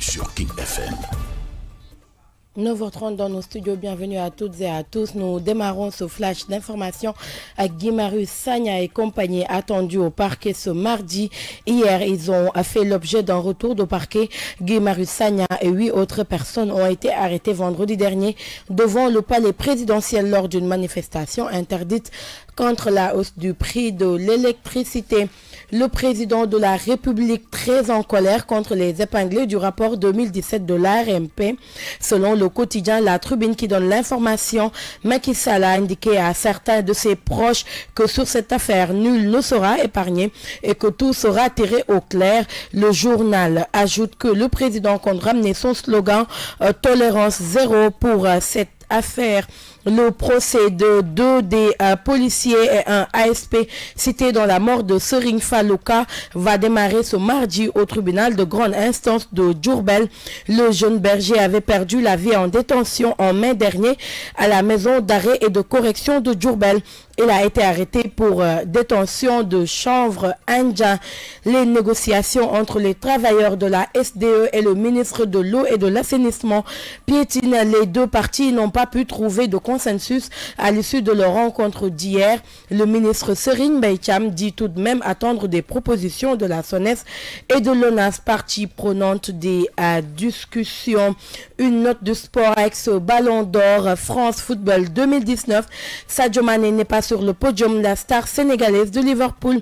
sur King FM. 9 h dans nos studios, bienvenue à toutes et à tous. Nous démarrons ce flash d'information à Guimarus Sagna et compagnie attendus au parquet ce mardi. Hier, ils ont fait l'objet d'un retour de parquet. Guimarus Sagna et huit autres personnes ont été arrêtées vendredi dernier devant le palais présidentiel lors d'une manifestation interdite contre la hausse du prix de l'électricité. Le président de la République très en colère contre les épinglés du rapport 2017 de l'ARMP. Selon le quotidien La Tribune qui donne l'information, Macky Sall a indiqué à certains de ses proches que sur cette affaire, nul ne sera épargné et que tout sera tiré au clair. Le journal ajoute que le président compte ramener son slogan euh, Tolérance zéro pour euh, cette le procès de deux des euh, policiers et un ASP cité dans la mort de Sering Falouka va démarrer ce mardi au tribunal de grande instance de Djourbel. Le jeune berger avait perdu la vie en détention en mai dernier à la maison d'arrêt et de correction de Djourbel. Il a été arrêté pour euh, détention de chanvre indien. Les négociations entre les travailleurs de la SDE et le ministre de l'eau et de l'assainissement piétinent. Les deux parties n'ont pas pu trouver de consensus à l'issue de leur rencontre d'hier. Le ministre Serine Beicham dit tout de même attendre des propositions de la SONES et de l'ONAS, partie prenante des euh, discussions. Une note de sport avec ce ballon d'or France Football 2019. Sadio Mané n'est pas sur le podium, la star sénégalaise de Liverpool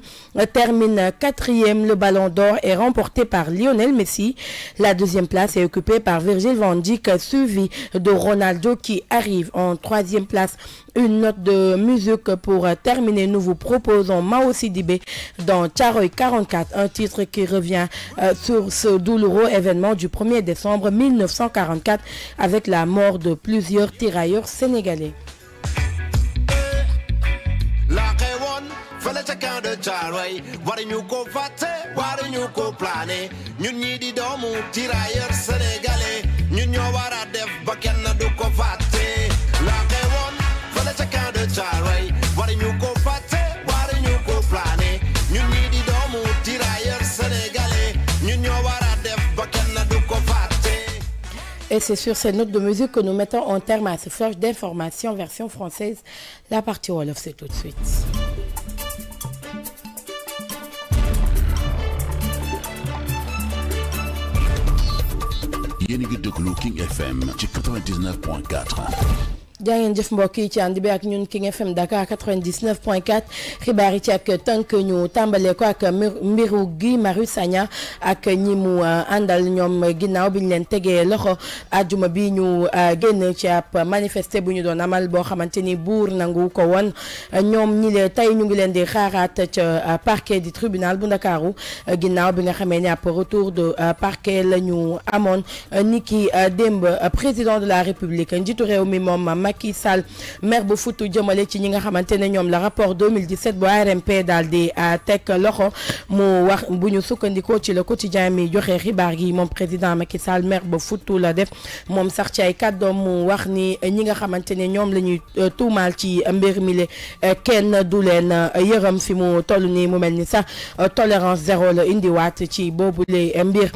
termine quatrième. Le ballon d'or est remporté par Lionel Messi. La deuxième place est occupée par Virgil van Dijk, suivi de Ronaldo qui arrive en troisième place. Une note de musique pour terminer. Nous vous proposons Mao Sidibé dans Charoy 44, un titre qui revient euh, sur ce douloureux événement du 1er décembre 1944 avec la mort de plusieurs tirailleurs sénégalais. caaroy ñu ko fàtte ñu ko plané ñun ñi di doomu tirailleur sénégalais ñun ñoo wara def ba kenn du ko fàtte la xewoon fële ca ka de caaroy ñu ko fàtte ñu ko plané ñun ñi di doomu tirailleur sénégalais ñun ñoo wara def ba kenn du ko fàtte. Et c'est sur ces notes de musique que nous mettons en terme à ce flash d'information version française la partie Wolof c'est tout de suite. yéen de ngi King FM 99.4 jaa ngeen jëf mbokk yi ci ànd bi ak ñun King FM Dakar 99.4 xibaar yi ci ak tënk ñu tàmbalee ko ak mbiru Guy Marius Sagna ak ñi mu euh, àndal ñoom ginnaaw bi ñu leen tegee loxo àjjuma bi ñu euh, génn ci ab manifester bu ñu doon amal boo xamante ni nangu ko woon ñoom ñi ñu ngi leen di xaaraat ca euh, parquet du tribunal bu Ndakaaru ginnaaw bi nga xamee ni retour de parquet la ñu amoon ni ki démb président de la république njiitu réew mi moom Macky Sall maire bu futu jëmale ci ñi nga xamante la rapport 2017 bu RMP daldi di euh, teg loxo mu wax buñu sukkandiko ci le quotidien mi joxe xibar gi mom président Macky Sall maire ba futu la def mom sax ci ay wax ni ñi nga xamante ne ñoom la euh, ci mbir mi le euh, kenn du len yeeram fi mu tollu ni mu melni sax tolérance zéro la wat ci le mbir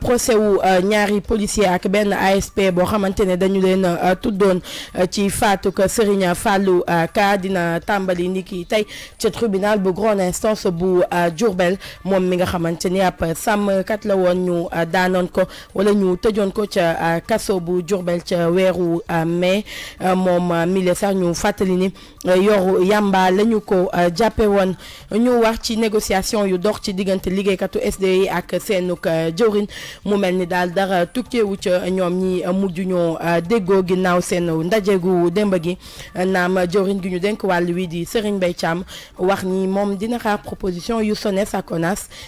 procès wu ñaari policier ak ben ASP bo xamantene dañu tout donne ci ko Serigne Fallou euh, Ka dina tàmbali ni ki tribunal bu grande instance bu euh, djourbel mom mi nga xamanteni Sam sam sàmmkat Danonko, ou ñu euh, danon ko wala ñu tëjoon ko ci kasso bu djourbel ou wéru mai mom mille sax ñu fatali ni yoru Yamba, lañu ko jàppe woon ñu wax ci négociation yu dox ci diggante liggéeykatu SDE ak seenuk djourine mu melni dal dara tukki wu ci ñom ñi muju ñoo gu démb gi naam jawriñ gi ñu dénk wàll wi di Serigne Mbaye Thiam wax ni moom dina xaar proposition yu SONES ak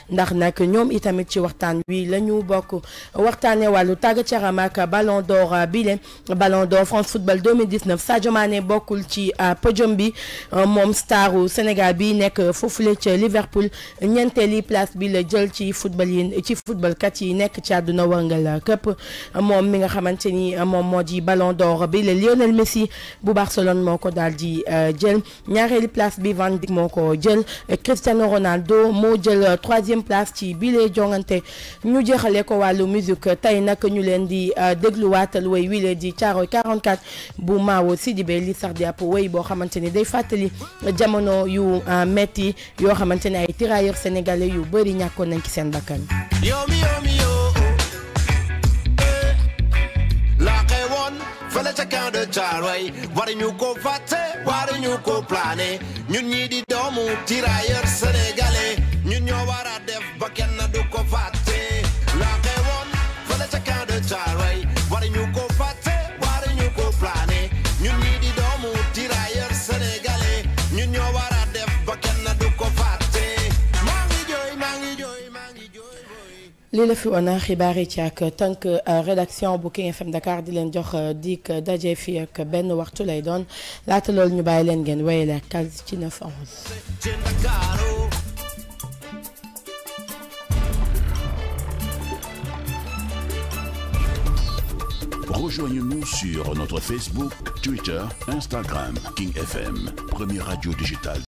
ndax nag ñoom itamit ci waxtaan wi la ñu bokk waxtaanee wàllu tàggat yaram ak Ballon d'Or bile Ballon d'Or France Football 2019 Sadio Mané bokkul ci euh, podium bi euh, moom staru Sénégal bi nekk foofule ca Liverpool ñeenteeli place bi la jël ci football yi ci footballkat yi nekk ci àdduna wërngal këpp moom mi nga xamante ni moom moo di Ballon d'Or bi Lionel Messi Barcelone mon ko daal di euh, jël place bi Van Dijk Cristiano Ronaldo Djel 3 euh, troisième place ci bile jongante ñu jeexalee ko walu musique tay nak ñu len di euh, dégluwaatal way wile di Charo 44 bu Maawo Sidibé li sax dia po way bo xamanteni day fàttali jamono yu metti yo xamanteni ay tirailleurs sénégalais yu bëri ñakko nañ ci sen bakkan fa la ca camp de Thiaroye waruñu ko fàtte waruñu ko plané ñun ñi di doomu tirailleur sénégalais ñun ñoo war a def ba kenn du ko fàtte la xewoon fa ca camp de Thiaroye waruñu ko fàtte waruñu ko plané ñun ñi di lii fi ah, ah, rédaction FM Dakar di jox ah, dik fi ak waxtu lay Rejoignez-nous sur notre Facebook, Twitter, Instagram, King FM, première radio digitale.